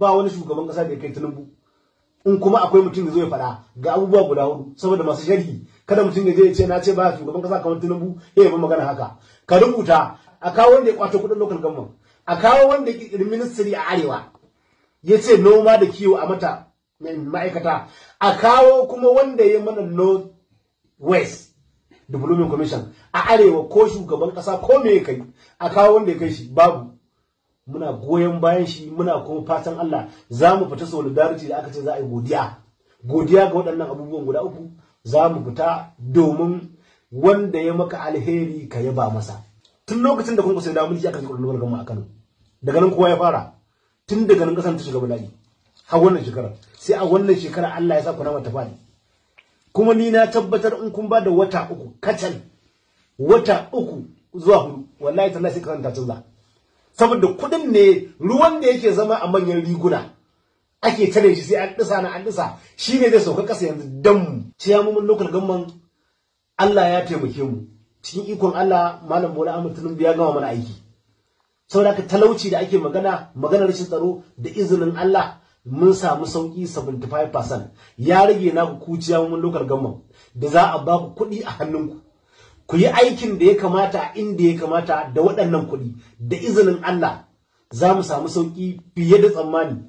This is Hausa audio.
ba wani shugaban kasa da ya kai tunubu in kuma akwai mutum da zai fada ga abubuwa guda hudu saboda masu sharhi kada mutum ya je ya ce na ce ba shugaban kasa kamar tunubu ya yi magana haka ka rubuta a kawo wanda ya kwato kudin local government a kawo wanda ya ministry a arewa ya ce noma da kiwo a mata ma'aikata a kawo kuma wanda ya mana north west development commission a arewa ko shugaban kasa ko me ya kai a kawo wanda ya kai shi babu muna goyon bayan shi muna kuma fatan Allah za mu fita solidarity da aka ce za a yi godiya godiya ga waɗannan abubuwan guda uku za mu fita domin wanda ya maka alheri ka yaba masa tun lokacin da kun sai da mulki aka ji kudin balgan mu a Kano daga nan kowa ya fara tun daga nan kasan ta shiga bala'i a wannan shekara sai a wannan shekara Allah ya sa ku nama kuma ni na tabbatar in kun ba da wata uku kacal wata uku zuwa hudu wallahi tallahi sai kasan ta canza saboda kuɗin ne ruwan da yake zama a manyan riguna ake tare shi sai an ɗisa na an ɗisa shi ne zai sauka ƙasa yanzu dan mu mu. ciyamomin local government Allah ya taimake mu cikin ikon Allah malam Bola Ahmed Tinubu ya gama mana aiki saboda ka talauci da ake magana maganar rashin tsaro da izinin Allah mun samu sauki 75% ya rage naku ku ciyamomin local government da za a ba ku kuɗi a hannunku ku yi aikin da ya kamata inda ya kamata da waɗannan kuɗi da izinin Allah za mu samu sauƙi fiye da tsammani